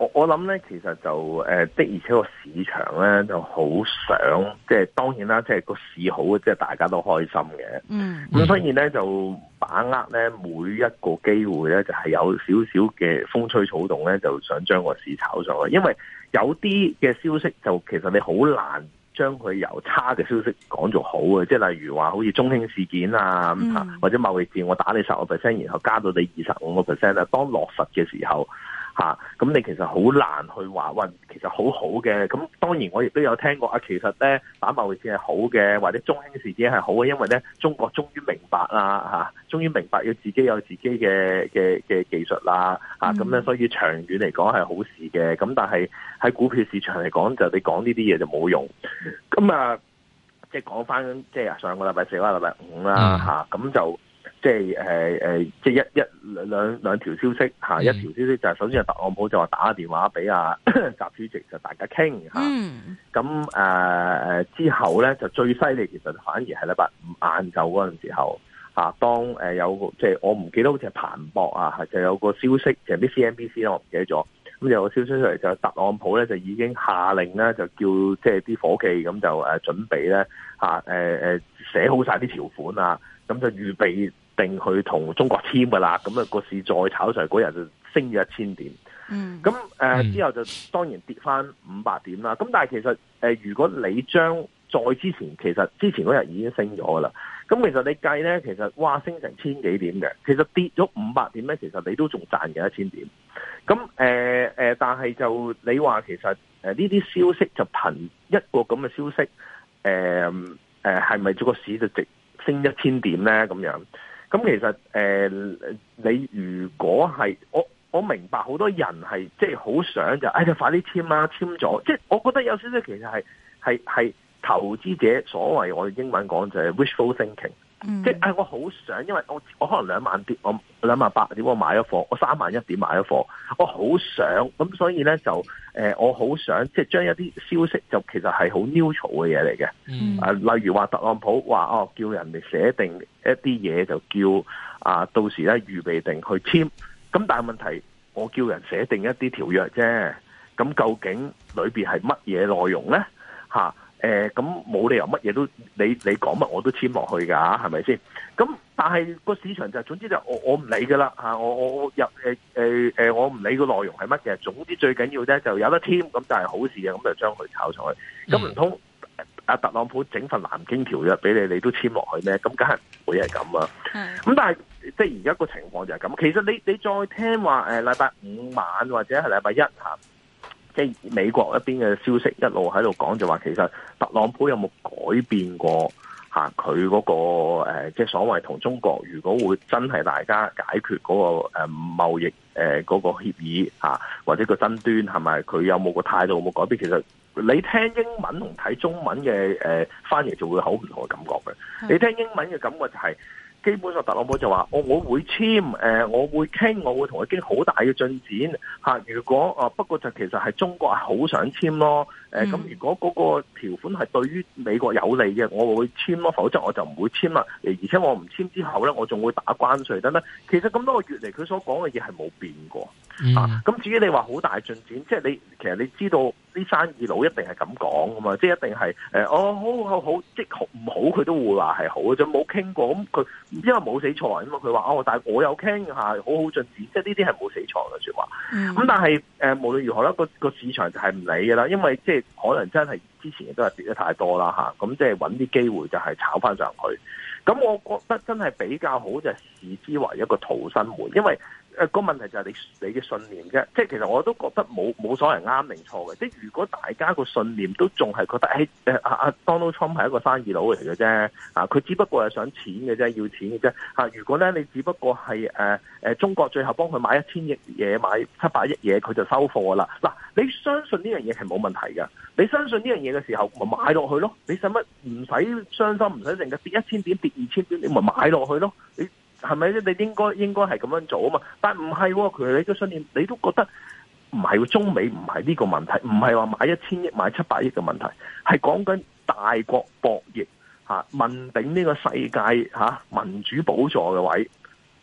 我我諗咧，其實就誒、呃、的，而且確個市場咧就好想，即係當然啦，即係個市好，即係大家都開心嘅。嗯。咁所以咧，就把握咧每一個機會咧，就係、是、有少少嘅風吹草動咧，就想將個市炒上去。因為有啲嘅消息就其實你好難將佢由差嘅消息講做好嘅，即係例如話好似中興事件啊，嗯、或者貿易戰，我打你十個 percent，然後加到你二十五個 percent 啦。當落實嘅時候。咁、啊、你其實好難去話，喂其實好好嘅。咁當然我亦都有聽過啊。其實咧，打貿易戰係好嘅，或者中興事件係好嘅，因為咧，中國終於明白啦，嚇、啊！終於明白要自己有自己嘅嘅嘅技術啦，咁、啊、樣、啊、所以長遠嚟講係好事嘅。咁但係喺股票市場嚟講，就你講呢啲嘢就冇用。咁啊，即係講翻，即係上個禮拜四啦，禮拜五啦，咁、嗯啊、就。即係誒誒，即係一一兩兩條消息吓，一條消息就係首先係特朗普就話打個電話俾阿、啊、 習主席，就大家傾吓。咁誒誒之後咧就最犀利，其實反而係禮拜五晏晝嗰陣時候吓、啊，當誒有即係、就是、我唔記得好似係彭博啊，就有個消息，其實啲 C N B C 啦，我唔記得咗。咁有個消息出嚟就特朗普咧就已經下令咧、啊，就叫即係啲夥計咁就誒準備咧、啊、吓，誒、啊、誒、呃、寫好晒啲條款啊，咁就預備。定去同中國簽嘅啦，咁、那、啊個市再炒上嗰日就升咗一千點。嗯，咁誒、呃嗯、之後就當然跌翻五百點啦。咁但係其實、呃、如果你將再之前，其實之前嗰日已經升咗嘅啦。咁其實你計咧，其實哇，升成千幾點嘅，其實跌咗五百點咧，其實你都仲賺緊一千點。咁誒、呃呃、但係就你話其實呢啲、呃、消息就憑一個咁嘅消息，誒係咪做個市就值升一千點咧？咁樣。咁其實，誒、呃、你如果係我，我明白好多人係即係好想就，哎呀快啲簽啦、啊，簽咗，即係我覺得有少少其實係係係投資者所謂我哋英文講就係 wishful thinking。即係、哎、我好想，因為我我可能兩萬點我兩萬八點我買咗貨，我三萬一點買咗貨，我好想咁，所以呢，就誒、呃，我好想即係將一啲消息就其實係好 neutral 嘅嘢嚟嘅，嗯、啊，例如話特朗普話哦，叫人哋寫定一啲嘢，就叫啊，到時呢預備定去簽，咁但係問題，我叫人寫定一啲條約啫，咁究竟裏邊係乜嘢內容呢？吓、啊？誒，咁冇、呃、理由乜嘢都你你講乜我都簽落去噶、啊，係咪先？咁但係個市場就是，總之就我我唔理噶啦吓，我我我入誒誒誒，我唔、呃呃呃呃、理個內容係乜嘢，總之最緊要啫，就有得簽，咁就係好事啊，咁就將佢炒上去。咁唔通阿特朗普整份南京條約俾你，你都簽落去咩？咁梗係唔會係咁啊！咁的、嗯、但係即係而家個情況就係咁。其實你你再聽話誒，禮、呃、拜五晚或者係禮拜一吓。即係美國一邊嘅消息一路喺度講，就話其實特朗普有冇改變過嚇佢嗰個誒，即係所謂同中國如果會真係大家解決嗰個誒貿易誒嗰個協議嚇，或者個爭端係咪佢有冇個態度有冇改變？其實你聽英文同睇中文嘅誒翻譯就會好唔同嘅感覺嘅。你聽英文嘅感覺就係，基本上特朗普就話：“我我會簽，誒我會傾，我會同佢傾好大嘅進展。”吓，如果啊不過就其實係中國係好想簽咯。誒，咁、嗯、如果嗰個條款係對於美國有利嘅，我會簽咯，否則我就唔會簽啦。而且我唔簽之後咧，我仲會打關稅等等。其實咁多個月嚟，佢所講嘅嘢係冇變過咁、嗯啊、至於你話好大進展，即係你其實你知道啲生意佬一定係咁講㗎嘛，即係一定係誒、哦好好好，即係唔好佢都會話係好嘅啫。冇傾過咁，佢因為冇死錯啊嘛。佢話哦、但係我有傾下，好好進展，即係呢啲係冇死錯嘅説話。咁、嗯、但係誒，無論如何啦，個個市場就係唔理嘅啦，因為即係。可能真係之前亦都係跌得太多啦，吓，咁即係揾啲機會就係炒翻上去。咁我覺得真係比較好，就視之為一個逃生門，因為。誒個問題就係你你嘅信念啫，即係其實我都覺得冇冇所謂啱定錯嘅，即係如果大家個信念都仲係覺得誒誒啊啊 Donald Trump 係一個生意佬嚟嘅啫，啊佢只不過係想錢嘅啫，要錢嘅啫，嚇！如果咧你只不過係誒、呃、中國最後幫佢買一千億嘢，買七百億嘢，佢就收貨啦。嗱，你相信呢樣嘢係冇問題嘅，你相信呢樣嘢嘅時候，咪買落去咯。你使乜唔使傷心？唔使成日跌一千點，跌二千點，你咪買落去咯。你。係咪咧？你應該應該係咁樣做啊嘛？但唔係，佢你個信念，你都覺得唔係中美唔係呢個問題，唔係話買一千億買七百億嘅問題，係講緊大國博弈吓，問鼎呢個世界吓、啊、民主寶座嘅位。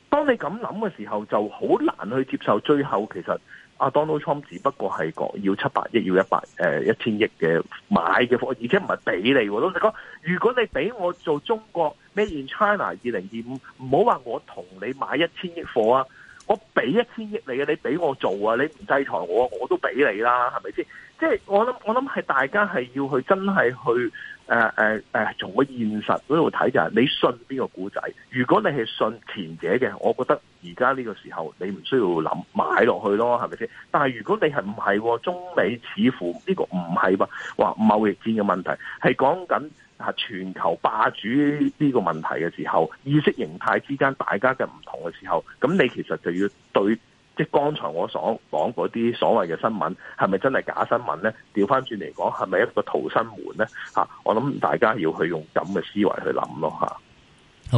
當你咁諗嘅時候，就好難去接受。最後其實阿、啊、Donald Trump 只不過係講要七百億，要一百誒、啊、一千億嘅買嘅貨，而且唔係俾你的。老實講，如果你俾我做中國。咩 in China 二零二五唔好話我同你買一千億貨啊，我俾一千億你啊，你俾我做啊，你唔制裁我，我都俾你啦，係咪先？即係我諗，我諗係大家係要去真係去誒誒誒，從個現實嗰度睇就係你信邊個古仔？如果你係信前者嘅，我覺得而家呢個時候你唔需要諗買落去咯，係咪先？但係如果你係唔係，中美似乎呢個唔係話話貿易戰嘅問題，係講緊。啊！全球霸主呢個問題嘅時候，意識形態之間大家嘅唔同嘅時候，咁你其實就要對，即係剛才我所講嗰啲所謂嘅新聞，係咪真係假新聞呢？調翻轉嚟講係咪一個逃生門呢？吓，我諗大家要去用咁嘅思維去諗咯，吓、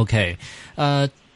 okay. uh。O K. 誒。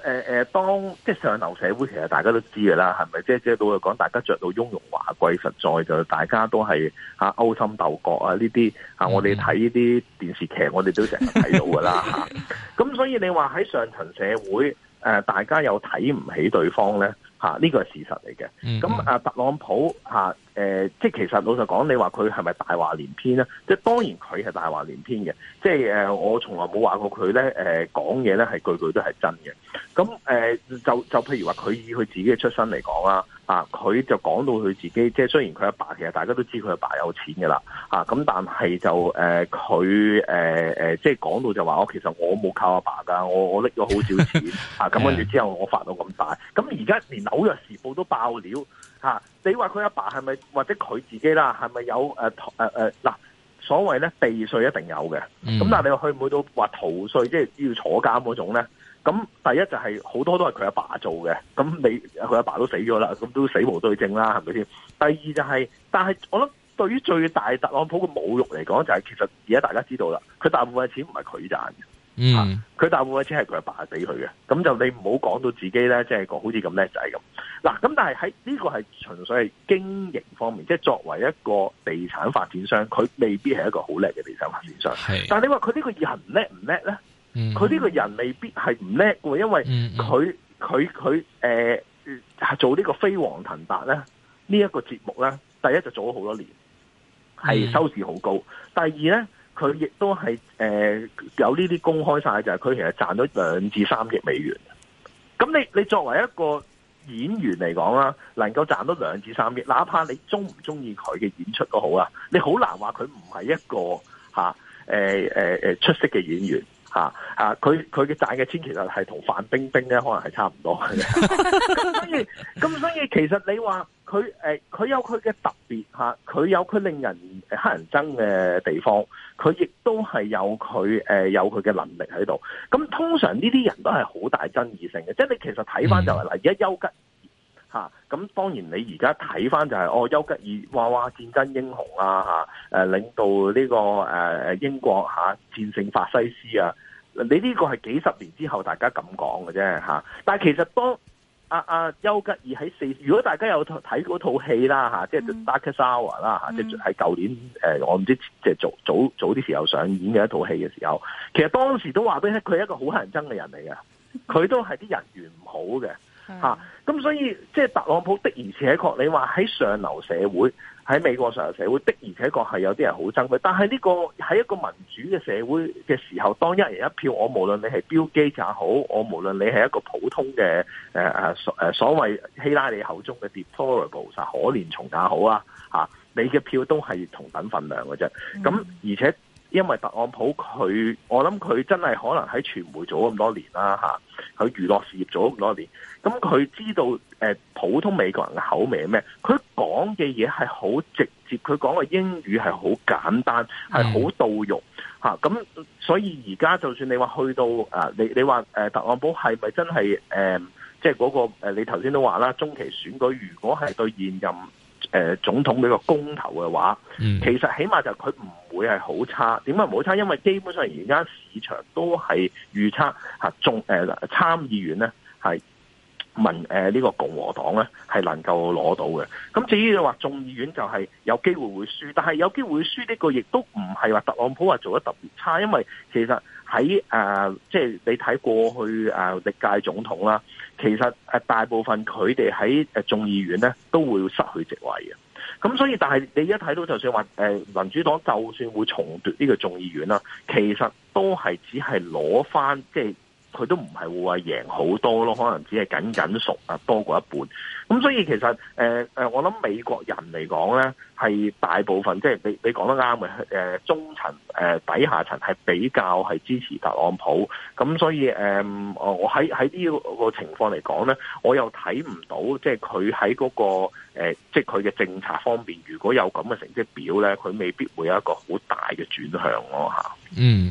誒誒、呃，當即上流社會，其實大家都知噶啦，係咪？即即對到佢講，大家着到雍容華貴，實在就大家都係啊勾心鬥角啊呢啲、嗯啊、我哋睇呢啲電視劇，我哋都成日睇到噶啦吓。咁、 啊、所以你話喺上層社會，誒、啊，大家又睇唔起對方咧？嚇，呢個係事實嚟嘅。咁、嗯嗯、啊，特朗普嚇，誒、啊，即、呃、係其實老實講，你話佢係咪大話連篇咧？即係當然佢係大話連篇嘅。即係誒，我從來冇、呃、話過佢咧，誒，講嘢咧係句句都係真嘅。咁誒、呃，就就譬如話，佢以佢自己嘅出身嚟講啦。啊！佢就講到佢自己，即係雖然佢阿爸其實大家都知佢阿爸有錢嘅啦，啊，咁但係就誒佢誒即係講到就話我其實我冇靠阿爸噶，我我搦咗好少錢 啊，咁跟住之後我發到咁大，咁而家連紐約時報都爆料。嚇、啊，你話佢阿爸係咪或者佢自己啦係咪有誒誒嗱，所謂咧避稅一定有嘅，咁、嗯、但係你話去唔去到話逃稅即係要坐監嗰種咧？咁第一就係好多都係佢阿爸做嘅，咁你佢阿爸都死咗啦，咁都死無對證啦，係咪先？第二就係、是，但係我諗對於最大特朗普嘅侮辱嚟講、就是，就係其實而家大家知道啦，佢大部分嘅錢唔係佢賺嘅，嗯，佢、啊、大部分嘅錢係佢阿爸俾佢嘅，咁就你唔好講到自己咧，即、就、係、是、個好似咁叻仔咁。嗱、啊，咁但係喺呢個係純粹係經營方面，即係作為一個地產發展商，佢未必係一個好叻嘅地產發展商。係是，但你話佢呢個人叻唔叻咧？佢呢個人未必係唔叻喎，因為佢佢佢誒係做呢個飛黃騰達咧呢一個節目咧，第一就做咗好多年，係收視好高。第二咧，佢亦都係誒有呢啲公開晒，就係佢其實賺咗兩至三億美元。咁你你作為一個演員嚟講啦，能夠賺到兩至三億，哪怕你中唔中意佢嘅演出都好啊，你好難話佢唔係一個吓誒誒誒出色嘅演員。吓吓，佢佢嘅賺嘅錢其實係同范冰冰咧，可能係差唔多。咁 所以，咁所以其實你話佢誒，佢、呃、有佢嘅特別吓，佢、啊、有佢令人黑人憎嘅地方，佢亦都係有佢誒、呃、有佢嘅能力喺度。咁通常呢啲人都係好大爭議性嘅，即係你其實睇翻就係、是、嗱，而家休吉。吓咁，啊、當然你而家睇翻就係、是，我、哦、丘吉爾哇哇戰爭英雄啊吓，誒、啊、領導呢、這個誒、啊、英國吓、啊、戰勝法西斯啊，你呢個係幾十年之後大家咁講嘅啫吓。但係其實當啊，阿、啊、丘吉爾喺四，如果大家有睇嗰套戲啦吓、啊，即係 Darkest Hour 啦吓、嗯啊呃，即係喺舊年誒，我唔知即係早早早啲時候上演嘅一套戲嘅時候，其實當時都話俾佢係一個好乞人憎嘅人嚟嘅，佢都係啲人緣唔好嘅。咁、 啊、所以即係特朗普的而且確，你話喺上流社會喺美國上流社會的而且確係有啲人好憎佢。但係呢、呢個喺一個民主嘅社會嘅時候，當一人一票，我無論你係標機也好，我無論你係一個普通嘅誒所所謂希拉里口中嘅 deplorable 就可憐蟲也好啊，你嘅票都係同等份量嘅啫。咁、啊、而且。因為特朗普佢，我諗佢真係可能喺傳媒做咗咁多年啦，嚇佢娛樂事業做咗咁多年，咁佢知道誒普通美國人嘅口味係咩？佢講嘅嘢係好直接，佢講嘅英語係好簡單，係好道用嚇。咁、嗯、所以而家就算你話去到啊，你你話誒特朗普係咪真係誒，即係嗰個你頭先都話啦，中期選舉如果係對現任。誒、呃，總統呢個公投嘅話，其實起碼就佢唔會係好差。點解唔好差？因為基本上而家市場都係預測吓眾誒參議院咧係民誒呢個共和黨咧係能夠攞到嘅。咁至於你話眾議院就係有機會會輸，但係有機會輸呢個亦都唔係話特朗普話做得特別差，因為其實。喺誒，即係、即係、你睇過去誒歷屆總統啦，其實誒大部分佢哋喺誒眾議院咧都會失去席位嘅。咁所以，但係你一睇到，就算話誒民主黨就算會重奪呢個眾議院啦，其實都係只係攞翻啲。即係佢都唔係會話贏好多咯，可能只係僅僅熟啊，多過一半。咁所以其實誒誒、呃，我諗美國人嚟講咧，係大部分即係、就是、你你講得啱嘅，誒、呃、中層誒、呃、底下層係比較係支持特朗普。咁所以誒、呃，我喺喺呢個情況嚟講咧，我又睇唔到即係佢喺嗰個誒、呃，即係佢嘅政策方面如果有咁嘅成績表咧，佢未必會有一個好大嘅轉向咯、啊、吓。嗯。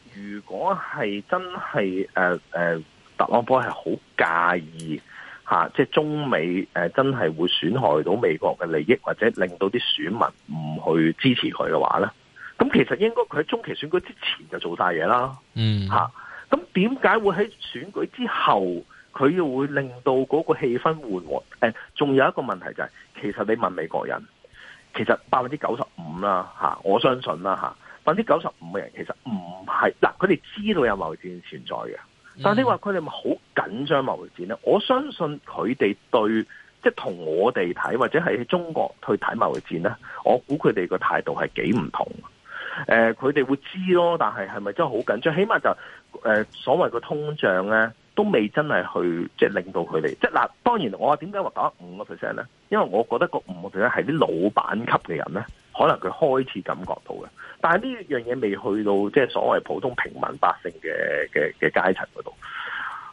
如果係真係誒誒，特朗普係好介意吓，即、啊、係、就是、中美誒、啊、真係會損害到美國嘅利益，或者令到啲選民唔去支持佢嘅話咧，咁其實應該佢喺中期選舉之前就做晒嘢啦，嗯吓，咁點解會喺選舉之後佢又會令到嗰個氣氛緩和？誒、啊，仲有一個問題就係、是，其實你問美國人，其實百分之九十五啦吓、啊，我相信啦吓。啊百分之九十五嘅人其實唔係嗱，佢哋知道有貿易戰存在嘅，但你話佢哋咪好緊張貿易戰咧？我相信佢哋對即係同我哋睇或者係喺中國去睇貿易戰咧，我估佢哋個態度係幾唔同。誒、呃，佢哋會知咯，但係係咪真係好緊張？起碼就誒、呃、所謂個通脹咧，都未真係去即係令到佢哋。即係嗱，當然我點解話打五個 percent 咧？因為我覺得個五個 percent 係啲老闆級嘅人咧。可能佢開始感覺到嘅，但係呢樣嘢未去到即係所謂普通平民百姓嘅嘅嘅階層嗰度。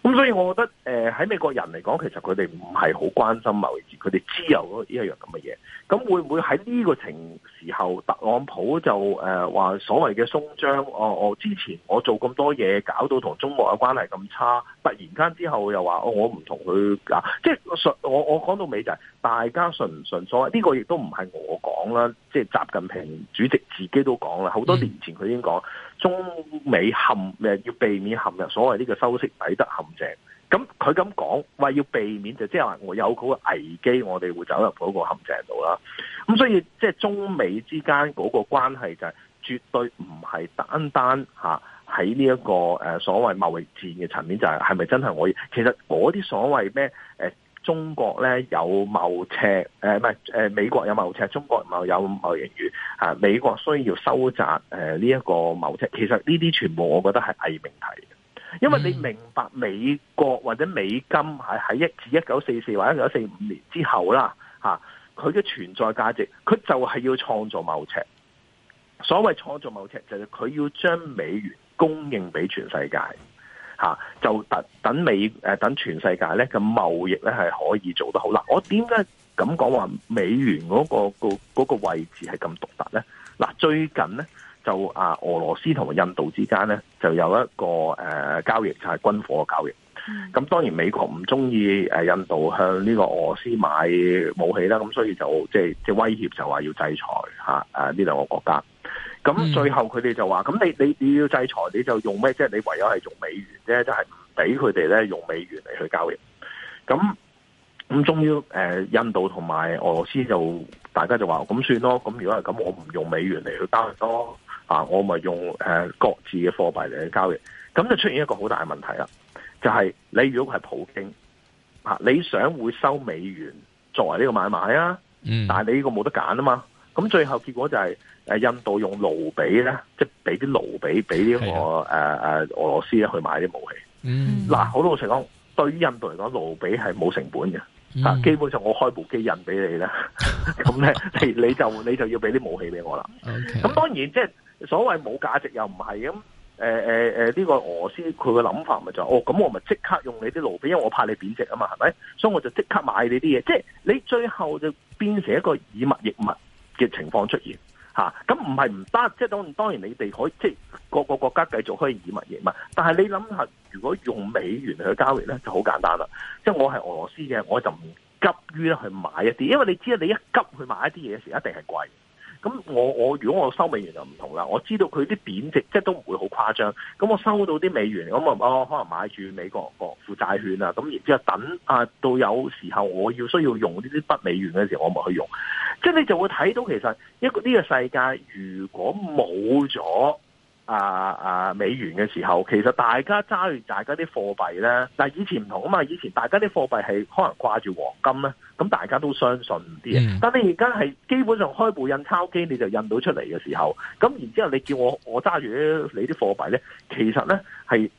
咁所以，我覺得誒喺、呃、美國人嚟講，其實佢哋唔係好關心貿易戰，佢哋知有嗰呢一樣咁嘅嘢。咁會唔會喺呢個情時候，特朗普就誒話、呃、所謂嘅鬆章？哦，我之前我做咁多嘢，搞到同中國嘅關係咁差，突然間之後又話、哦、我唔同佢搞，即係我講到尾就係大家信唔信所謂呢個，亦都唔係我講啦，即係習近平主席自己都講啦，好多年前佢已經講中美陷，誒要避免陷入所謂呢個修昔底德陷阱。咁佢咁講話要避免，就即係話我有嗰個危機，我哋會走入嗰個陷阱度啦。咁所以即係中美之間嗰個關係就係絕對唔係單單嚇喺呢一個誒所謂貿易戰嘅層面，就係係咪真係我其實嗰啲所謂咩誒？中國咧有貿赤，誒唔係誒美國有貿赤，中國冇有貿盈餘嚇，美國需要收窄誒呢一個貿赤，其實呢啲全部我覺得係偽命題，因為你明白美國或者美金係喺一至一九四四或者一九四五年之後啦嚇，佢嘅存在價值，佢就係要創造貿赤。所謂創造貿赤就係、是、佢要將美元供應俾全世界。嚇就等美誒等全世界咧嘅貿易咧係可以做得好嗱，我點解咁講話美元嗰個嗰個位置係咁獨特咧？嗱，最近咧就啊俄羅斯同埋印度之間咧就有一個誒交易就係軍火嘅交易，咁當然美國唔中意誒印度向呢個俄羅斯買武器啦，咁所以就即係即係威脅就話要制裁嚇誒呢兩個國家。咁、嗯、最後佢哋就話：，咁你你你要制裁，你就用咩即、就、係、是、你唯有係用美元即就係唔俾佢哋咧用美元嚟去交易。咁咁，終於、呃、印度同埋俄羅斯就大家就話：，咁算咯。咁如果係咁，我唔用美元嚟去交易咯。啊，我咪用誒、呃、各自嘅貨幣嚟去交易。咁就出現一個好大嘅問題啦，就係、是、你如果係普京、啊、你想會收美元作為呢個買賣啊，嗯、但係你呢個冇得揀啊嘛。咁最後結果就係、是。印度用盧比咧，即係俾啲盧比俾呢、這個誒誒的、嗯呃、俄羅斯咧去買啲武器。嗱，好多個情況對於印度嚟講，盧比係冇成本嘅。基本上我開部機印俾你咧，咁咧、嗯、 你你就你就要俾啲武器俾我啦。咁 Okay. 當然即係所謂冇價值又唔係咁。誒誒誒，呢、呃呃這個俄羅斯佢嘅諗法咪就係、是，哦咁我咪即刻用你啲盧比，因為我怕你貶值啊嘛，係咪？所以我就即刻買你啲嘢。即係你最後就變成一個以物易物嘅情況出現。吓，咁唔係唔得，即係當當然你哋可以即係個個國家繼續可以以物易物，但係你諗下，如果用美元去交易咧，就好簡單啦。即係我係俄羅斯嘅，我就唔急於去買一啲，因為你知啦，你一急去買一啲嘢嘅時候，一定係貴。咁我我如果我收美元就唔同啦，我知道佢啲貶值即係都唔會好誇張，咁我收到啲美元，咁我哦可能買住美國個負債券啊，咁然之後等啊到有時候我要需要用呢啲不美元嘅時候，我咪去用，即係你就會睇到其實一個呢個世界如果冇咗。啊啊美元嘅時候，其實大家揸住大家啲貨幣咧，嗱以前唔同啊嘛，以前大家啲貨幣係可能掛住黃金咧，咁大家都相信啲嘢。嗯、但你而家係基本上開部印鈔機你就印到出嚟嘅時候，咁然之後你叫我我揸住你啲貨幣咧，其實咧係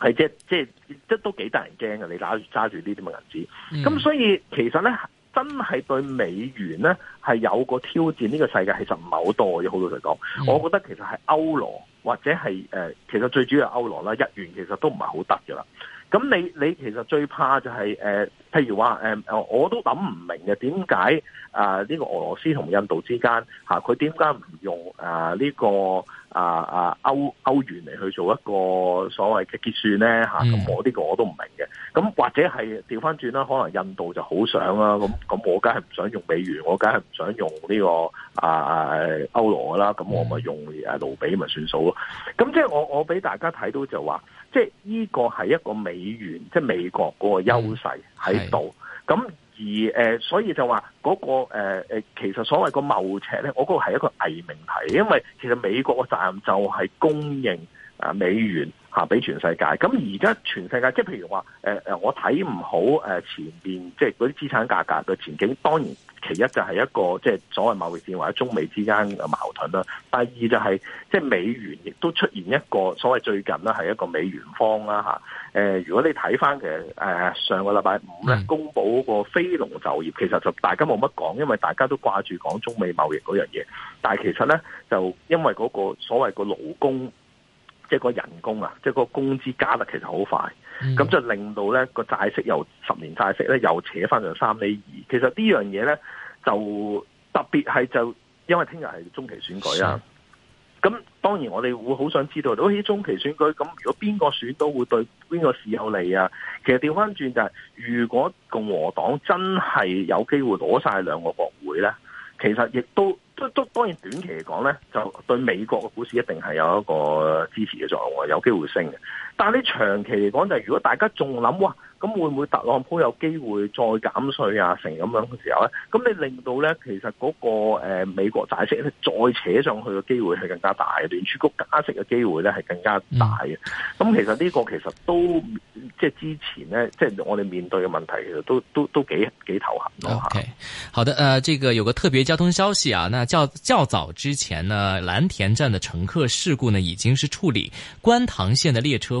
係即即即都幾得人驚嘅，你揸住揸住呢啲咁嘅銀紙。咁所以其實咧真係對美元咧係有個挑戰，呢、這個世界其實唔係好多嘅，好多嚟講，我覺得其實係歐羅。或者係誒、呃，其實最主要係歐羅啦，日元其實都唔係好得噶啦。咁你你其實最怕就係、是、誒。呃譬如話誒誒，我都諗唔明嘅點解啊？呢個俄羅斯同印度之間嚇，佢點解唔用啊？呢個啊啊歐歐元嚟去做一個所謂嘅結算咧嚇？咁、mm. 我呢個我都唔明嘅。咁或者係調翻轉啦，可能印度就好想啦。咁咁我梗係唔想用美元，我梗係唔想用呢、呢個啊啊歐羅啦。咁我咪用啊盧比咪算數咯。咁即係我我俾大家睇到就話，即係呢個係一個美元，即係美國嗰個優勢。Mm. 喺度，咁是而誒、呃，所以就話嗰，那個誒、呃、其實所謂、那個貿赤咧，我覺得係一個偽命題，因為其實美國嘅責任就係供應啊美元。啊！俾全世界咁而家全世界，即係譬如話誒誒，我睇唔好誒、呃、前邊即係嗰啲資產價格嘅前景。當然，其一就係一個即係所謂貿易戰或者中美之間嘅矛盾啦。第二就係、是、即係美元亦都出現一個所謂最近啦，係一個美元荒啦吓。誒、啊呃，如果你睇翻其實誒、呃、上個禮拜五咧，公布嗰個非農就業，其實就大家冇乜講，因為大家都掛住講中美貿易嗰樣嘢。但係其實咧，就因為嗰個所謂個勞工。即係個人工啊，即係個工資加得其實好快，咁、嗯、就令到咧個債息又十年債息咧又扯翻上三厘二。其實這呢樣嘢咧就特別係就因為聽日係中期選舉啊，咁的當然我哋會好想知道，好似中期選舉咁，如果邊個選都會對邊個市有利啊？其實調翻轉就係、是，如果共和黨真係有機會攞晒兩個國會咧，其實亦都。都都當然短期嚟講咧，就對美國嘅股市一定係有一個支持嘅作用，有機會升嘅。但你長期嚟講，就係如果大家仲諗哇，咁會唔會特朗普有機會再減稅啊？成咁樣嘅時候咧，咁你令到咧，其實嗰個美國債息咧再扯上去嘅機會係更加大嘅，聯儲局加息嘅機會咧係更加大嘅。咁、嗯、其實呢個其實都即係之前咧，即係我哋面對嘅問題，其實都都都幾幾頭痕咯嚇。Okay. 好的，誒、呃，這個有個特別交通消息啊。那較較早之前呢，藍田站嘅乘客事故呢，已經是處理觀塘線嘅列車。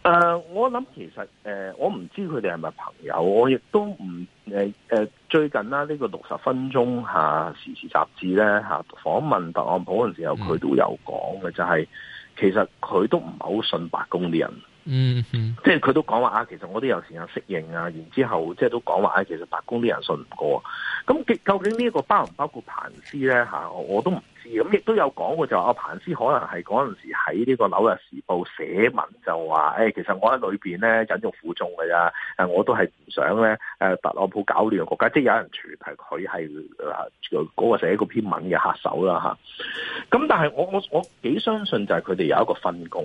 誒、uh, 呃，我諗其實誒，我唔知佢哋係咪朋友，我亦都唔誒誒，最近啦呢、這個六十分鐘吓、啊、時事雜誌咧吓訪問特朗普陣時時候，佢都有講嘅，就係、是、其實佢都唔係好信白宮啲人。嗯嗯，嗯，即係佢都講話啊，其實我都有時間適應啊，然之後即係都講話其實白宮啲人信唔過，咁究竟呢個包唔包括彭斯咧吓？我都唔知，咁亦都有講過就阿、是啊、彭斯可能係嗰陣時喺呢、這個紐約時報寫文就話誒、哎，其實我喺裏邊咧忍辱負重噶咋，誒我都係唔想咧誒、啊、特朗普搞亂的國家，即係有人傳係佢係嗱嗰個寫嗰篇文嘅黑手啦吓，咁、啊、但係我我我幾相信就係佢哋有一個分工。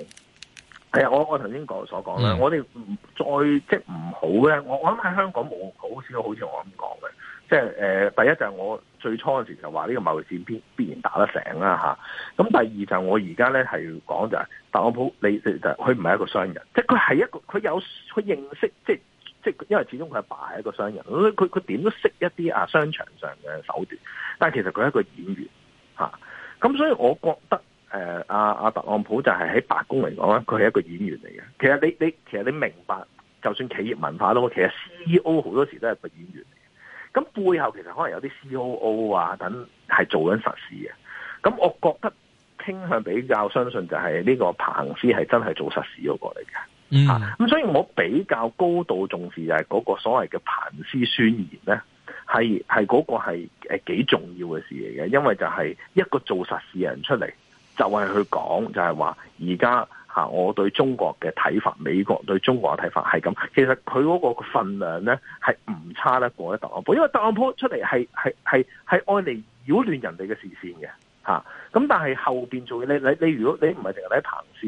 係、嗯、我我頭先講所講咧，我哋唔再即係唔好咧。我我諗喺香港冇好少好似我咁講嘅，即係誒、呃、第一就係我最初嗰時就話呢個貿易戰必必然打得成啦嚇。咁第二就係我而家咧係講就係特朗普，你佢就佢唔係一個商人，即係佢係一個佢有佢認識，即係即係因為始終佢阿爸係一個商人，佢佢點都識一啲啊商場上嘅手段。但係其實佢係一個演員嚇，咁所以我覺得。誒，阿阿、啊、特朗普就係喺白宮嚟講咧，佢係一個演員嚟嘅。其實你你，其實你明白，就算企業文化都好，其實 C E O 好多時都係個演員嚟嘅。咁背後其實可能有啲 C O O 啊等係做緊實事嘅。咁我覺得傾向比較相信就係呢個彭斯係真係做實事嗰個嚟嘅。咁、嗯、所以我比較高度重視就係嗰個所謂嘅彭斯宣言咧，係係嗰個係誒幾重要嘅事嚟嘅，因為就係一個做實事嘅人出嚟。就係去講，就係話而家吓，我對中國嘅睇法，美國對中國嘅睇法係咁。其實佢嗰個份量咧係唔差得過特朗普，因為特朗普出嚟係係係係愛嚟擾亂人哋嘅視線嘅吓。咁、啊、但係後邊做嘢你你你如果你唔係淨係睇彭斯，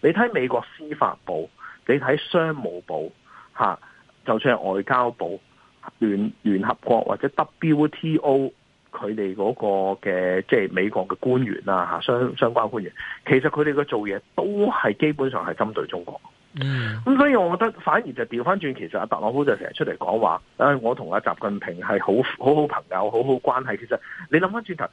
你睇美國司法部，你睇商務部吓、啊，就算係外交部、聯聯合國或者 W T O。佢哋嗰個嘅，即係美國嘅官員啊，吓，相相關官員，其實佢哋嘅做嘢都係基本上係針對中國的。Mm hmm. 嗯，咁所以我覺得反而就調翻轉，其實阿特朗普就成日出嚟講話，誒、哎，我同阿習近平係好好好朋友，好好關係。其實你諗翻轉頭，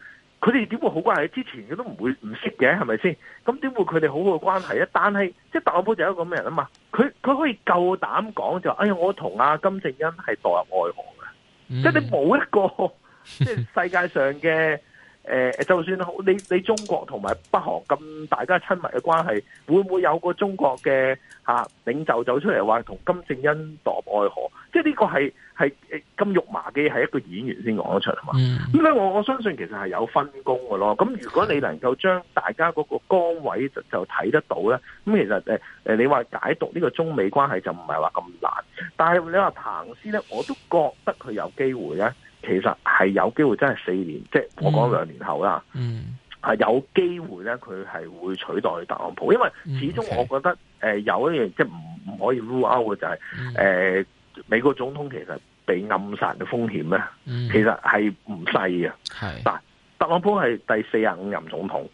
佢哋點會好關係？之前佢都唔會唔識嘅，係咪先？咁點會佢哋好好嘅關係啊？但係即係特朗普就有一個咁嘅人啊嘛，佢佢可以夠膽講就說，哎呀，我同阿金正恩係墮入愛河嘅，mm hmm. 即係你冇一個。即係 世界上嘅，誒、呃，就算你你中國同埋北韓咁大家親密嘅關係，會唔會有個中國嘅吓、啊、領袖走出嚟話同金正恩度愛河？即係呢個係係金玉麻嘅，係一個演員先講得出啊嘛。咁所以我我相信其實係有分工嘅咯。咁如果你能夠將大家嗰個崗位就睇得到咧，咁其實誒誒、呃，你話解讀呢個中美關係就唔係話咁難。但係你話彭斯咧，我都覺得佢有機會咧。其實係有機會，真係四年，即係我講兩年後啦、嗯。嗯，係有機會咧，佢係會取代特朗普，因為始終我覺得，誒、嗯 okay. 呃，有一樣即係唔唔可以 rule out 嘅就係、是，誒、嗯呃，美國總統其實被暗殺嘅風險咧，嗯、其實係唔細嘅。係嗱是，特朗普係第四十五任總統，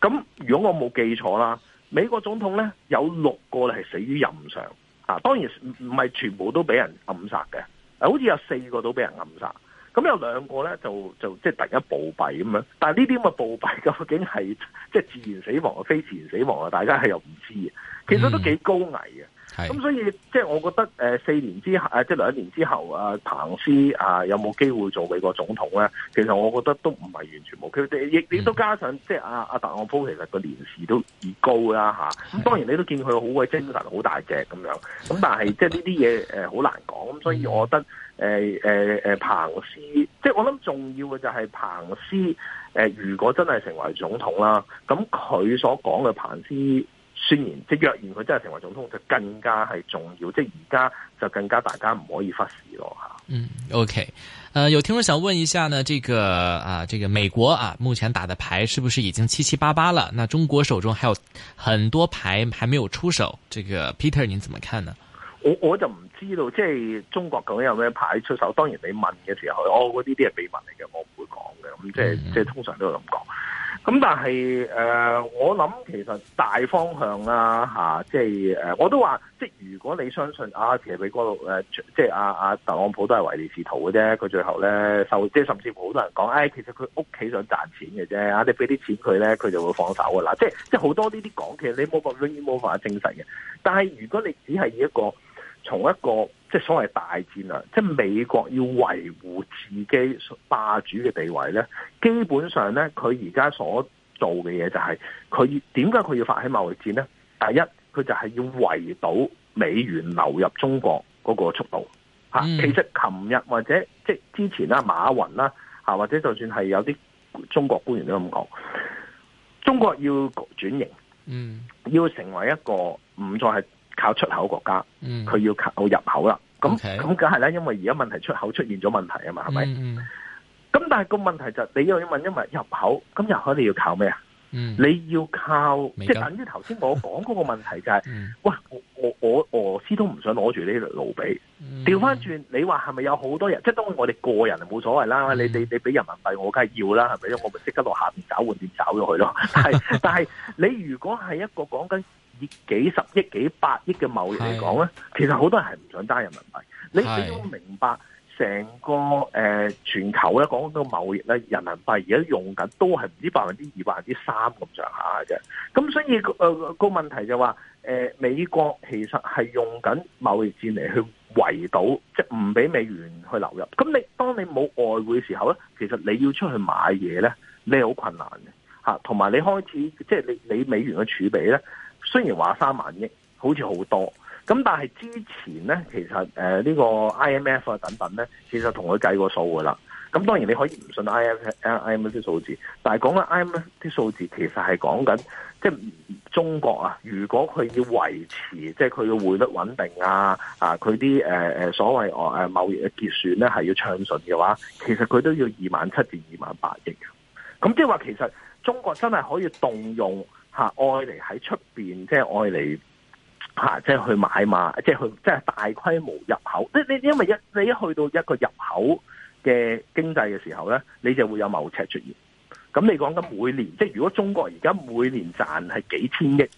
咁如果我冇記錯啦，美國總統咧有六個係死於任上，啊，當然唔唔係全部都俾人暗殺嘅，好似有四個都俾人暗殺。咁有兩個咧，就就即係突然暴斃咁樣，但係呢啲咁嘅暴斃究竟係即係自然死亡啊，非自然死亡啊？大家係又唔知嘅，其實都幾高危嘅。咁、嗯、所以即係、就是、我覺得四年之後、呃，即係兩年之後啊，彭斯啊、呃、有冇機會做美國總統咧？其實我覺得都唔係完全冇。佢哋亦亦都加上即係阿阿特朗普其實個年事都已高啦咁、啊、當然你都見佢好鬼精神，好大隻咁樣。咁但係即係呢啲嘢呃好難講，所以我覺得。嗯誒誒誒，彭斯，即係我諗重要嘅就係彭斯。誒、呃，如果真係成為總統啦，咁佢所講嘅彭斯宣言，即若然佢真係成為總統就更加係重要。即係而家就更加大家唔可以忽視咯吓。嗯，OK，誒、呃，有聽眾想問一下呢，這個啊、呃，這個美國啊，目前打嘅牌是不是已經七七八八了？那中國手中還有很多牌還沒有出手。這個 Peter，你怎麼看呢？我我就唔知道，即係中國究竟有咩牌出手？當然你問嘅時候，我嗰啲啲係秘密嚟嘅，我唔會講嘅。咁即係即係通常都係咁講。咁但係誒，我諗其實大方向啦嚇，即係我都話，即係如果你相信啊，其實美國即係阿阿特朗普都係唯利是圖嘅啫。佢最後咧受，即係甚至乎好多人講，誒，其實佢屋企想賺錢嘅啫。啊，你俾啲錢佢咧，佢就會放手嘅啦。即係即係好多呢啲講，其實你冇個 r e 嘅。但係如果你只係以一個從一個即係所謂大戰啊，即係美國要維護自己霸主嘅地位咧，基本上咧，佢而家所做嘅嘢就係，佢點解佢要發起貿易戰咧？第一，佢就係要圍堵美元流入中國嗰個速度吓。其實琴日或者即係之前啦，馬雲啦吓，或者就算係有啲中國官員都咁講，中國要轉型，嗯，要成為一個唔再係。靠出口國家，佢要靠入口啦。咁咁梗係啦，因為而家問題出口出現咗問題啊嘛，係咪、mm？咁、hmm。但係個問題就係、你又要問因為入口，咁入口你要靠咩啊？你要靠，嗯、即係等於頭先我講嗰個問題就係、是，哇、嗯！我我我俄羅斯都唔想攞住呢路比，調翻轉你話係咪有好多人？即係當我哋個人冇所謂啦、嗯。你你你俾人民幣，我梗係要啦，係咪我咪即刻落下邊找換店找咗佢咯。但係 但係你如果係一個講緊幾十億、幾百億嘅貿易嚟講咧，是其實好多人係唔想揸人民幣。是你你要明白。成個誒、呃、全球咧，講到貿易咧，人民幣而家用緊都係唔知百分之二、百分之三咁上下嘅啫。咁所以個個、呃、問題就話，誒、呃、美國其實係用緊貿易戰嚟,去圍堵，即係唔俾美元去流入。咁你當你冇外匯嘅時候咧，其實你要出去買嘢咧，你係好困難嘅吓。同、啊、埋你開始即係你你美元嘅儲備咧，雖然話三萬億，好似好多。咁但係之前咧，其實呢、呃呢個 IMF 啊等等咧，其實同佢計過數嘅啦。咁當然你可以唔信 IMF 啲數字，但係講緊 IMF 啲數字其實係講緊即係中國啊，如果佢要維持即係佢嘅匯率穩定啊，啊佢啲誒所謂外誒貿易嘅結算咧係要暢順嘅話，其實佢都要二萬七至二萬八億咁，即係話其實中國真係可以動用嚇、啊、外嚟喺出面，即係外嚟。吓、啊，即係去買嘛，即係去，即係大規模入口。你你因為一你一去到一個入口嘅經濟嘅時候咧，你就會有貿易赤字出現。咁你講緊每年，即係如果中國而家每年賺係幾千億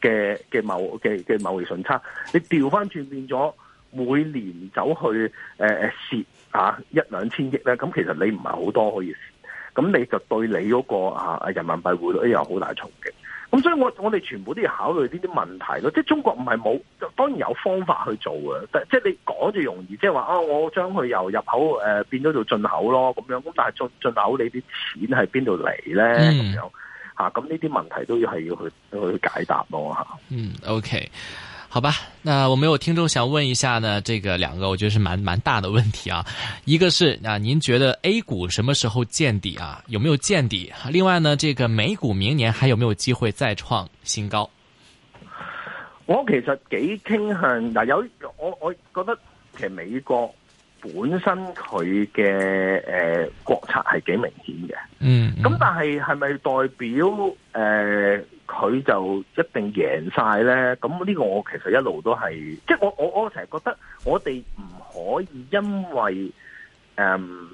嘅嘅貿嘅嘅貿易順差，你調翻轉變咗每年走去誒蝕、呃啊、一兩千億咧，咁其實你唔係好多可以蝕，咁你就對你嗰、那個啊人民幣匯率有好大衝擊。咁所以我我哋全部都要考慮呢啲問題咯，即係中國唔係冇，當然有方法去做嘅，但即係你講就容易，即係話啊，我將佢由入口誒變咗做進口咯，咁樣咁，但係進進口你啲錢喺邊度嚟咧咁樣嚇？咁呢啲問題都要係要去去解答咯嚇。嗯，OK。好吧，那我們有聽眾想問一下呢，這個兩個我覺得是蠻蠻大的問題啊。一個是啊，您覺得 A 股什麼時候見底啊？有沒有見底？另外呢，這個美股明年還有沒有機會再創新高？我其實幾傾向嗱、呃，有我我覺得其實美國本身佢嘅，誒國策係幾明顯嘅、嗯，嗯，咁但係係咪代表誒？呃佢就一定贏晒咧，咁呢個我其實一路都係，即係我我我成日覺得我哋唔可以因為誒、嗯、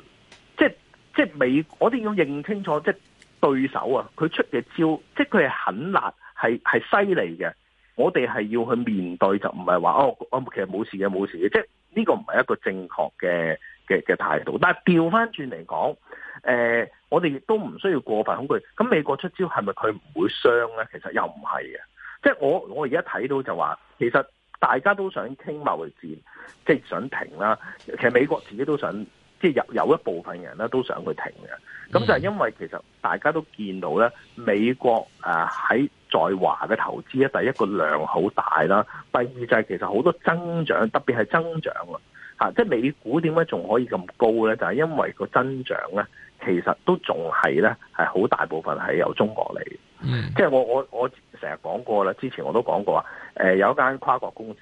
即係即係美，我哋要認清楚，即係對手啊，佢出嘅招，即係佢係狠辣，係係犀利嘅，我哋係要去面對就唔係話哦，哦其實冇事嘅，冇事嘅，即係呢個唔係一個正確嘅嘅嘅態度，但係掉返轉嚟講，誒，我哋亦都唔需要過分恐懼。咁美國出招係咪佢唔會傷咧？其實又唔係嘅，即係我我而家睇到就話，其實大家都想傾貿易戰，即係想停啦。其實美國自己都想，即係有有一部分人咧都想去停嘅。咁就係因為其實大家都見到咧，美國喺、啊、在、在華嘅投資咧，第一個量好大啦，第二就係其實好多增長，特別係增長啊！啊、即係美股點解仲可以咁高咧？就係、是、因為個增長咧，其實都仲係咧，係好大部分係由中國嚟嘅。Mm hmm. 即係我我我成日講過啦，之前我都講過啊。誒、呃，有一間跨國公司，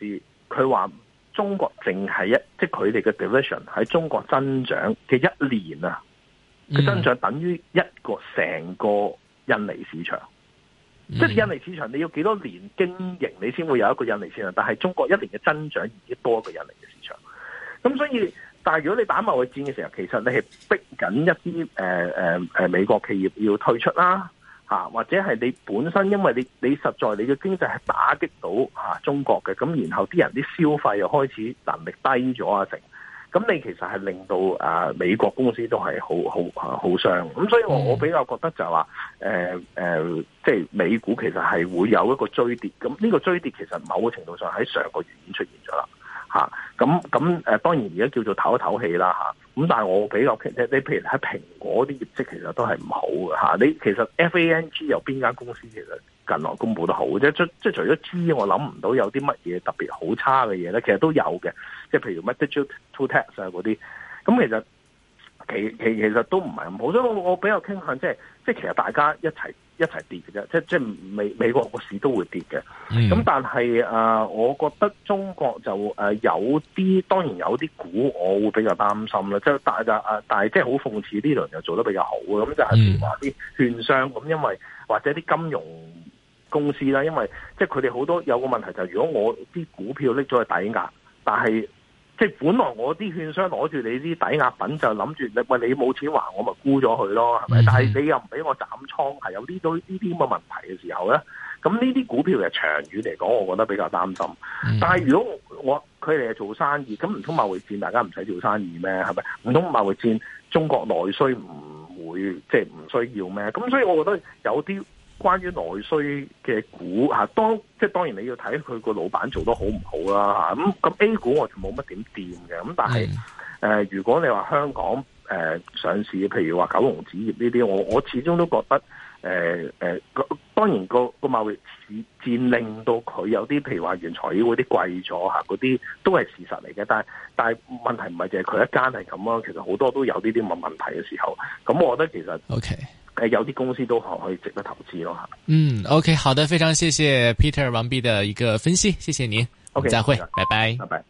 佢話中國淨係一，即係佢哋嘅 division 喺中國增長嘅一年啊，佢、mm hmm. 增長等於一個成個印尼市場。Mm hmm. 即係印尼市場你要幾多年經營，你先會有一個印尼市場？但係中國一年嘅增長已經多一個印尼嘅市場。咁所以，但係如果你打貿易戰嘅時候，其實你係逼緊一啲、呃呃、美國企業要退出啦，啊、或者係你本身因為你你實在你嘅經濟係打擊到、啊、中國嘅，咁然後啲人啲消費又開始能力低咗啊成，咁你其實係令到、啊、美國公司都係好好好傷，咁所以我我比較覺得就話，誒、呃、誒、呃，即係美股其實係會有一個追跌。咁呢個追跌其實某個程度上喺上個月已經出現咗啦。嚇，咁咁誒，當然而家叫做唞一唞氣啦嚇，咁、啊、但係我比較傾，即你譬如喺蘋果啲業績其實都係唔好嘅嚇、啊，你其實 FANG 有邊間公司其實近來公佈得好啫？即即係除咗 G，我諗唔到有啲乜嘢特別好差嘅嘢咧，其實都有嘅，即係譬如 Meditate Two Tax 啊嗰啲，咁其實其其其實都唔係咁好，所以我我比較傾向即係即係其實大家一齊。一齊跌嘅啫，即即美美國個市都會跌嘅。咁、嗯、但係啊、呃，我覺得中國就誒、呃、有啲，當然有啲股我會比較擔心啦。即係但係啊，但，但，但即係好諷刺呢輪又做得比較好嘅。咁就係譬如話啲券商咁、嗯，因為或者啲金融公司啦，因為即係佢哋好多有個問題就係、是，如果我啲股票拎咗去抵押，但係。即係本來我啲券商攞住你啲抵押品就諗住，你喂你冇錢還我咪沽咗佢咯，係咪、嗯？但係你又唔俾我斬倉，係有呢啲呢啲咁嘅問題嘅時候咧，咁呢啲股票嘅長遠嚟講，我覺得比較擔心。嗯、但係如果我佢哋係做生意，咁唔通貿易戰大家唔使做生意咩？係咪？唔通貿易戰中國內需唔會即係唔需要咩？咁所以，我覺得有啲。關於內需嘅股吓、啊，當即係當然你要睇佢個老闆做得好唔好啦吓，咁、啊、咁、啊、A 股我就冇乜點掂嘅，咁、啊、但係誒是、呃，如果你話香港誒、呃、上市，譬如話九龍紙業呢啲，我我始終都覺得誒誒、呃呃，當然、那個個貿易戰令到佢有啲，譬如話原材料嗰啲貴咗吓，嗰、啊、啲都係事實嚟嘅，但係但係問題唔係淨係佢一間係咁咯，其實好多都有呢啲咁問題嘅時候，咁我覺得其實 O K。Okay. 誒，有啲公司都可以值得投資咯。嗯，OK，好的，非常謝謝 Peter 王弼的一個分析，謝謝您。Okay, 再會，okay. 拜拜，拜拜。